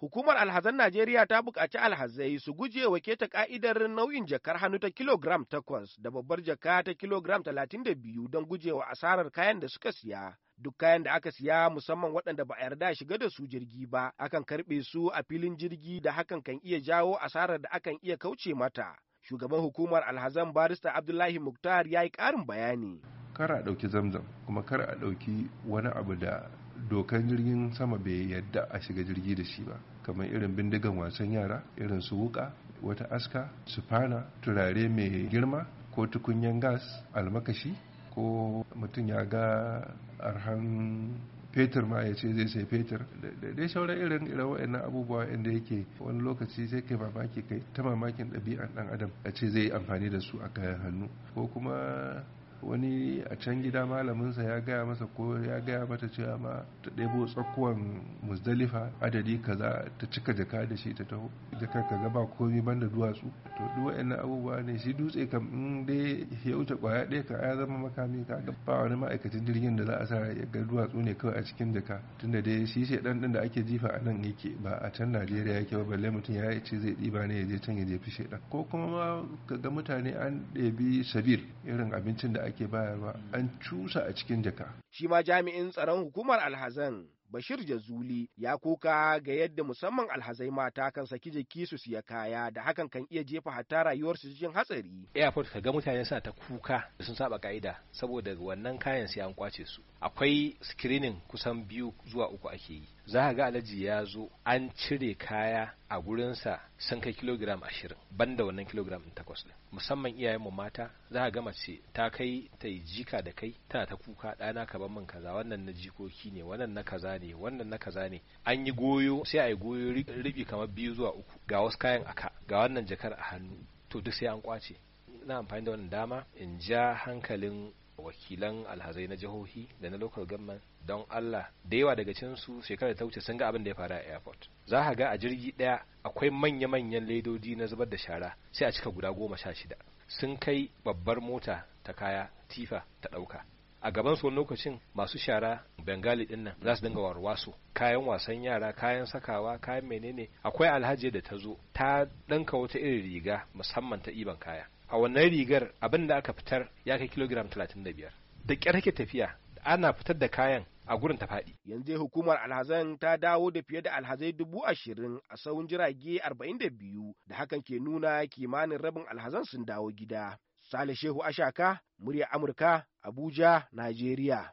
Hukumar alhazan Najeriya ta buƙaci alhazai su guje wa keta ƙa'idar nauyin jakar hannu ta kilogram takwas da babbar jaka ta kilogram talatin da biyu don guje wa asarar kayan da suka siya. duk kayan da aka siya musamman waɗanda ba a yarda shiga da su jirgi ba akan karɓe su a filin jirgi da hakan kan iya jawo asarar da akan iya kauce mata shugaban hukumar alhazan barista abdullahi muktar ya yi ƙarin bayani kar a ɗauki zamzam kuma kar a ɗauki wani abu da dokan jirgin sama bai yadda a shiga jirgi da shi ba kamar irin bindigan wasan yara irin su wuka wata aska sufana turare mai girma ko tukunyen gas almakashi ko mutum ya ga arhan fetur ma ya ce zai sai fetur da dai shaura irin irin abubuwa inda yake wani lokaci sai kai mamaki kai ta mamakin ɗabi'an ɗan adam a ce zai yi amfani da su a kayan hannu ko kuma wani a can gida malaminsa ya gaya masa ko ya gaya mata cewa ma ta ɗebo tsakuwan musdalifa adadi kaza ta cika jaka da shi ta taho jaka kaga ba komi banda duwatsu to duk ina abubuwa ne shi dutse kam in dai ya wuce kwaya ɗaya ka ya zama makami ka ga ba wani ma'aikacin jirgin da za a sa ya ga duwatsu ne kawai a cikin jaka tunda dai shi ɗan din da ake jifa a nan yake ba a can Najeriya yake ba balle mutum ya ce zai ɗiba ne ya je can ya jefi ɗan ko kuma ka ga mutane an ɗebi sabir irin abincin da ake bayarwa an cusa a cikin jaka. Shi ma jami'in tsaron hukumar alhazan Bashir Jazuli ya kuka ga yadda musamman alhazai mata kan saki jiki su siya kaya da hakan kan iya jefa hatta su cikin hatsari. Airport ka ga mutane suna ta kuka da sun saba ka'ida saboda wannan kayan sai an kwace su. Akwai screening kusan biyu zuwa uku ake yi. za ga alaji ya zo an cire kaya a gurinsa sun kai kilogiram ashirin ban da wannan kilogiram ɗin takwas ɗin musamman iyayenmu mata za ga mace ta kai ta yi jika da kai tana ta kuka ɗana ka ban min kaza wannan na jikoki ne wannan na kaza ne wannan na kaza ne an yi goyo sai a yi goyo ribi kamar biyu zuwa uku ga wasu kayan aka ga wannan jakar a hannu to duk sai an kwace na amfani da wannan dama in ja hankalin wakilan alhazai na jihohi da na local government don Allah da yawa daga cikin su shekarar ta wuce sun ga abin da ya faru a airport za a ga a jirgi daya akwai manya-manyan ledoji na zubar da shara sai a cika guda goma sha shida sun kai babbar mota ta kaya tifa ta ɗauka a gaban su lokacin masu shara bengali din nan za su dinga su kayan wasan yara kayan sakawa kayan menene akwai alhaji da ta zo ta ɗanka wata irin riga musamman ta iban kaya a wannan rigar abin da aka fitar ya kai kilogiram 35 da ƙyar take tafiya ana fitar da kayan a gurin ta faɗi. Yanzu hukumar alhazan ta dawo da fiye da alhazai dubu ashirin a sauran jirage arba'in da biyu da hakan ke nuna kimanin rabin alhazan sun dawo gida. Sale Shehu Ashaka, murya Amurka, Abuja, Najeriya.